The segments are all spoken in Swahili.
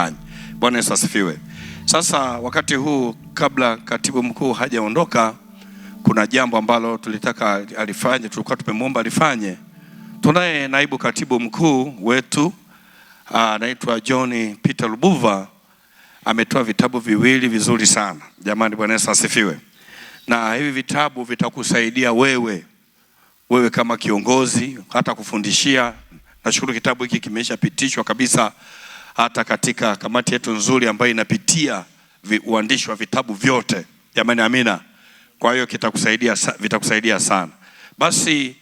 ndani. Bwana Yesu asifiwe. Sasa wakati huu kabla katibu mkuu hajaondoka, kuna jambo ambalo tulitaka alifanye, tulikuwa tumemwomba alifanye. Tunaye naibu katibu mkuu wetu anaitwa John Peter Lubuva, ametoa vitabu viwili vizuri sana jamani. Bwana Yesu asifiwe. Na hivi vitabu vitakusaidia wewe wewe kama kiongozi, hata kufundishia. Nashukuru kitabu hiki kimeshapitishwa kabisa hata katika kamati yetu nzuri ambayo inapitia uandishi wa vitabu vyote. Jamani, amina. Kwa hiyo kitakusaidia, vitakusaidia sana. Basi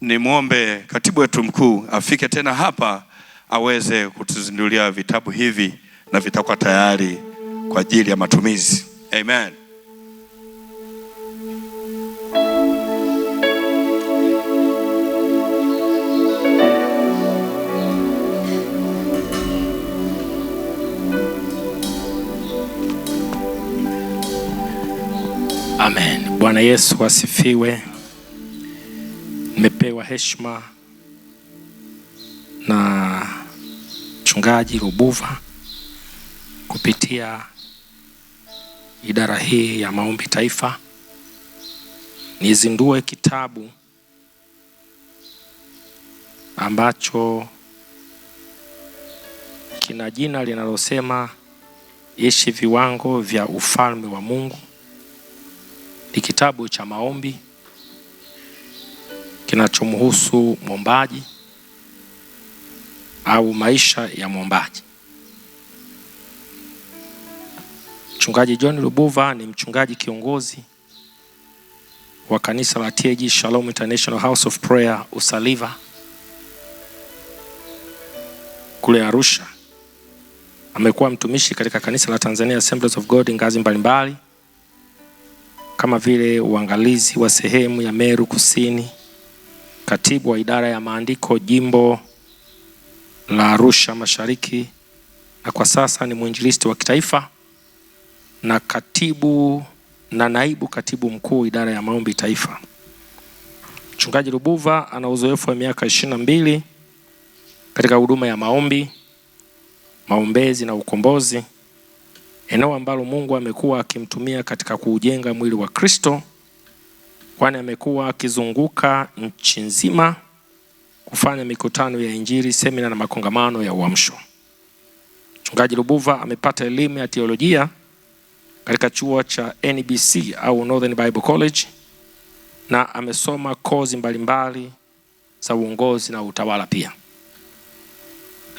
nimwombe katibu wetu mkuu afike tena hapa aweze kutuzindulia vitabu hivi na vitakuwa tayari kwa ajili ya matumizi. Amen. Amen. Bwana Yesu asifiwe. Nimepewa heshima na mchungaji rubuva kupitia idara hii ya maombi taifa nizindue kitabu ambacho kina jina linalosema Ishi Viwango vya Ufalme wa Mungu kitabu cha maombi kinachomhusu mwombaji au maisha ya mwombaji. Mchungaji John Lubuva ni mchungaji kiongozi wa kanisa la TAG Shalom International House of Prayer Usaliva kule Arusha. Amekuwa mtumishi katika kanisa la Tanzania Assemblies of God ngazi mbalimbali kama vile uangalizi wa sehemu ya Meru Kusini, katibu wa idara ya maandiko jimbo la Arusha Mashariki, na kwa sasa ni mwinjilisti wa kitaifa na katibu na naibu katibu mkuu idara ya maombi taifa. Mchungaji rubuva ana uzoefu wa miaka ishirini na mbili katika huduma ya maombi, maombezi na ukombozi eneo ambalo Mungu amekuwa akimtumia katika kuujenga mwili wa Kristo, kwani amekuwa akizunguka nchi nzima kufanya mikutano ya Injili, semina na makongamano ya uamsho. Mchungaji Lubuva amepata elimu ya teolojia katika chuo cha NBC au Northern Bible College na amesoma kozi mbalimbali za uongozi na utawala pia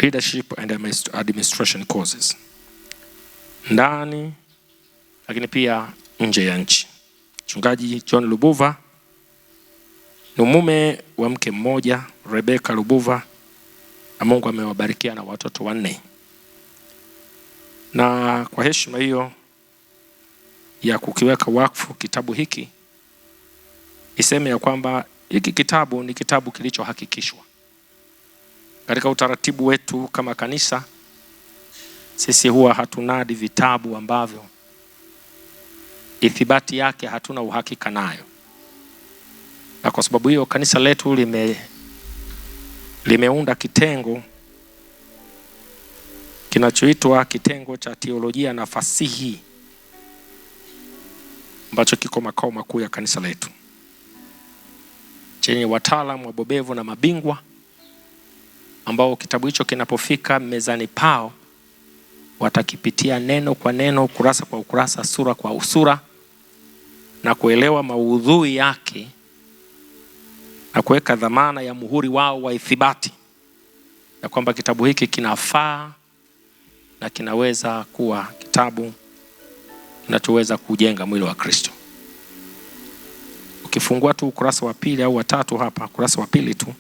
leadership and administration courses ndani lakini pia nje ya nchi. Mchungaji John Lubuva ni mume wa mke mmoja Rebeka Lubuva, na Mungu amewabarikia na watoto wanne, na kwa heshima hiyo ya kukiweka wakfu kitabu hiki iseme ya kwamba hiki kitabu ni kitabu kilichohakikishwa katika utaratibu wetu kama kanisa. Sisi huwa hatunadi vitabu ambavyo ithibati yake hatuna uhakika nayo, na kwa sababu hiyo kanisa letu lime limeunda kitengo kinachoitwa kitengo cha teolojia na fasihi ambacho kiko makao makuu ya kanisa letu chenye wataalamu wabobevu na mabingwa ambao kitabu hicho kinapofika mezani pao watakipitia neno kwa neno, ukurasa kwa ukurasa, sura kwa sura na kuelewa maudhui yake na kuweka dhamana ya muhuri wao wa ithibati ya kwamba kitabu hiki kinafaa na kinaweza kuwa kitabu kinachoweza kujenga mwili wa Kristo. Ukifungua tu ukurasa wa pili au watatu hapa, ukurasa wa pili tu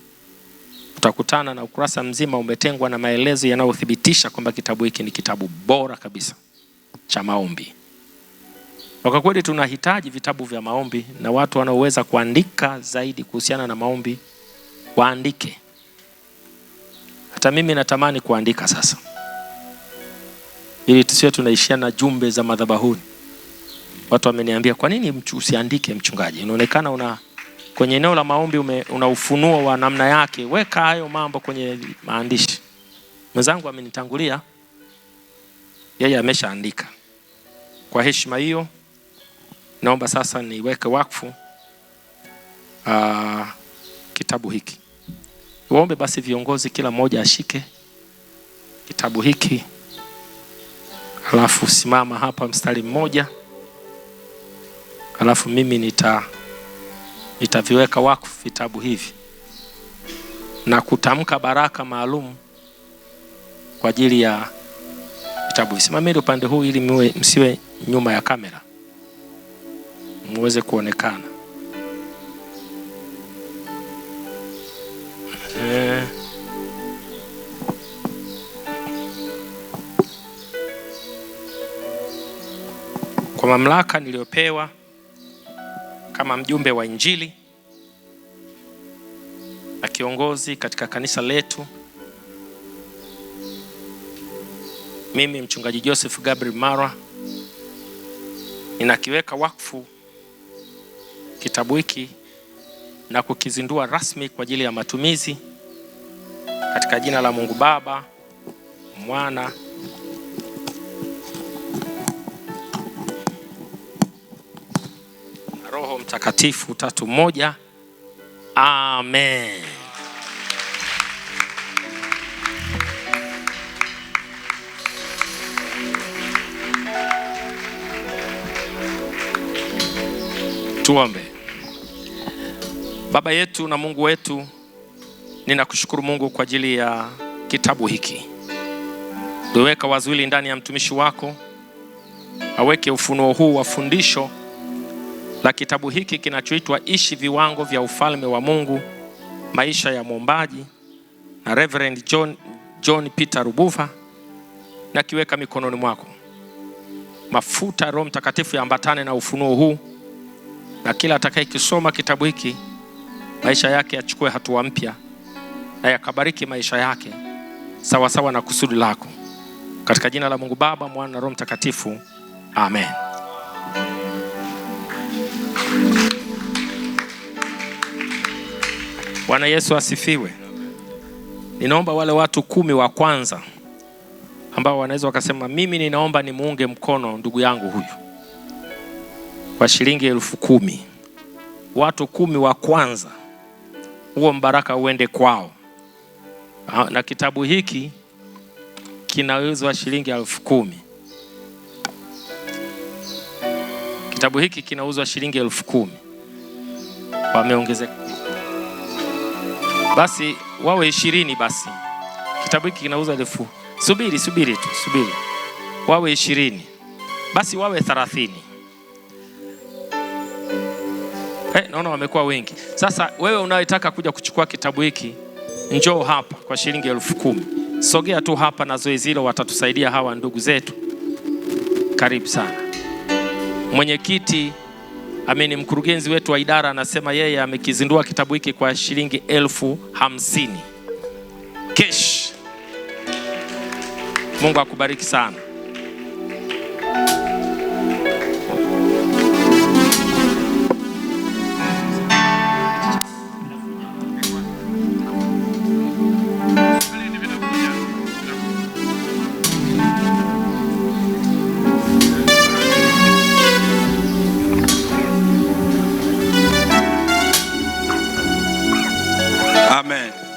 utakutana na ukurasa mzima umetengwa na maelezo yanayothibitisha kwamba kitabu hiki ni kitabu bora kabisa cha maombi. Kwa kweli tunahitaji vitabu vya maombi na watu wanaoweza kuandika zaidi kuhusiana na maombi waandike. Hata mimi natamani kuandika sasa, ili tusiwe tunaishia na jumbe za madhabahuni. Watu wameniambia kwa nini usiandike mchungaji, inaonekana una kwenye eneo la maombi ume, una ufunuo wa namna yake, weka hayo mambo kwenye maandishi. Mwenzangu amenitangulia, yeye ameshaandika. Kwa heshima hiyo, naomba sasa niweke wakfu aa, ah, kitabu hiki. Waombe basi viongozi, kila mmoja ashike kitabu hiki, alafu simama hapa mstari mmoja, alafu mimi nita nitaviweka wakfu vitabu hivi na kutamka baraka maalum kwa ajili ya vitabu. Simameni upande huu ili mwe, msiwe nyuma ya kamera muweze kuonekana. Eh. kwa mamlaka niliyopewa kama mjumbe wa Injili na kiongozi katika kanisa letu. Mimi mchungaji Joseph Gabriel mara ninakiweka wakfu kitabu hiki na kukizindua rasmi kwa ajili ya matumizi katika jina la Mungu Baba, Mwana Roho Mtakatifu tatu moja. Amen. Tuombe. Baba yetu na Mungu wetu, ninakushukuru Mungu kwa ajili ya kitabu hiki. Uliweka wazwili ndani ya mtumishi wako, aweke ufunuo huu wa fundisho la kitabu hiki kinachoitwa Ishi Viwango vya Ufalme wa Mungu, maisha ya mwombaji na Reverend John, John Peter Rubuva. Nakiweka mikononi mwako, mafuta Roho Mtakatifu yaambatane na ufunuo huu, na kila atakayekisoma kitabu hiki maisha yake yachukue hatua mpya na yakabariki maisha yake sawasawa na kusudi lako, katika jina la Mungu Baba, Mwana na Roho Mtakatifu, amen. Bwana Yesu asifiwe. Ninaomba wale watu kumi wa kwanza ambao wanaweza wakasema mimi ninaomba nimuunge mkono ndugu yangu huyu kwa shilingi elfu kumi. Watu kumi wa kwanza, huo mbaraka uende kwao, ah, na kitabu hiki kinauzwa shilingi elfu kumi. Kitabu hiki kinauzwa shilingi elfu kumi. Wameongezeka basi wawe ishirini. Basi kitabu hiki kinauza elfu. Subiri, subiri tu, subiri, wawe ishirini, basi wawe thelathini. Eh, naona wamekuwa wengi sasa. Wewe unayetaka kuja kuchukua kitabu hiki, njoo hapa kwa shilingi elfu kumi. Sogea tu hapa na zoezi hilo watatusaidia hawa ndugu zetu. Karibu sana mwenyekiti. Amini, mkurugenzi wetu wa idara anasema yeye amekizindua kitabu hiki kwa shilingi elfu hamsini kesh. Mungu akubariki sana.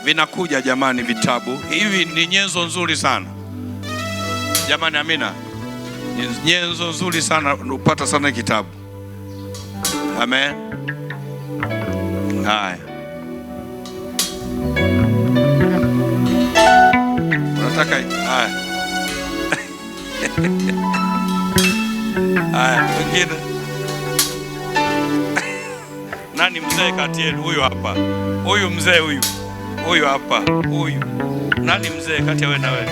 vinakuja jamani, vitabu hivi ni nyenzo nzuri sana jamani, amina, ni nyenzo nzuri sana upata sana kitabu. Amen. Haya, unataka haya haya, wengine nani mzee kati yenu? Huyu hapa, huyu mzee huyu huyu hapa, huyu nani mzee kati ya wewe na wewe?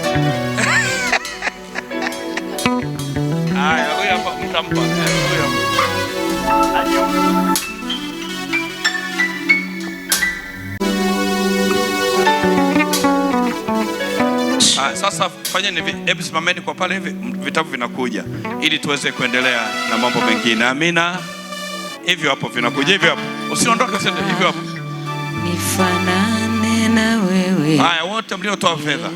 Haya, huyu hapa mtampa. Ah, sasa fanyeni hivi, hebu simameni kwa pale hivi, vitabu vinakuja ili tuweze kuendelea na mambo mengine. Amina. Hivyo hapo vinakuja hivyo hapo. Usiondoke sasa hivyo hapo. Nifana haya wote mliotoa fedha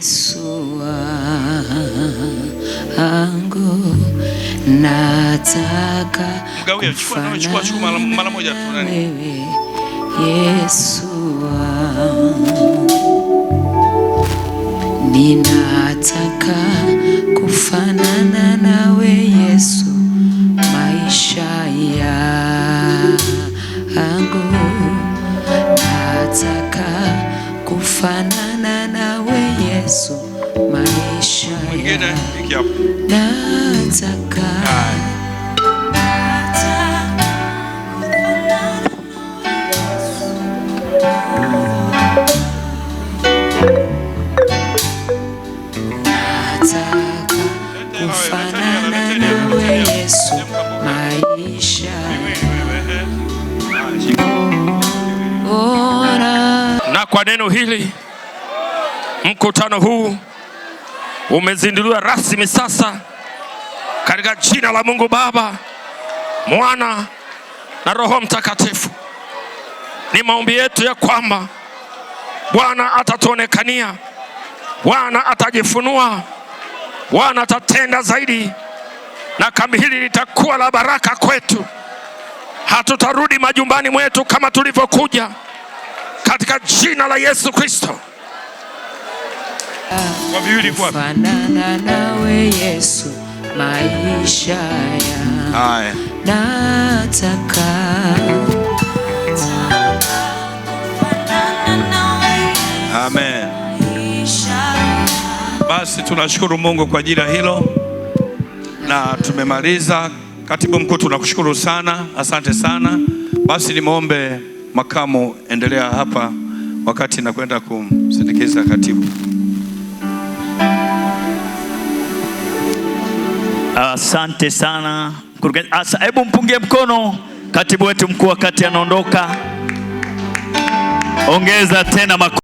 angu nataka mgawie, chukua chukua mara moja tu nani Yesu ninataka kufanana nawe Yesu peke yako. Nataka kwa neno hili mkutano huu umezinduliwa rasmi sasa katika jina la Mungu Baba, Mwana na Roho Mtakatifu. Ni maombi yetu ya kwamba Bwana atatuonekania, Bwana atajifunua, Bwana atatenda zaidi, na kambi hili litakuwa la baraka kwetu. Hatutarudi majumbani mwetu kama tulivyokuja, katika jina la Yesu Kristo kwa nawe Yesu, maisha ya nataka Amen. Basi tunashukuru Mungu kwa ajili ya hilo na tumemaliza. Katibu mkuu, tunakushukuru sana, asante sana. Basi nimwombe makamu, endelea hapa wakati nakwenda kumsindikiza katibu. Asante sana mkurugenzi. Asa, hebu mpungie mkono katibu wetu mkuu wakati anaondoka. Ongeza tena makofi.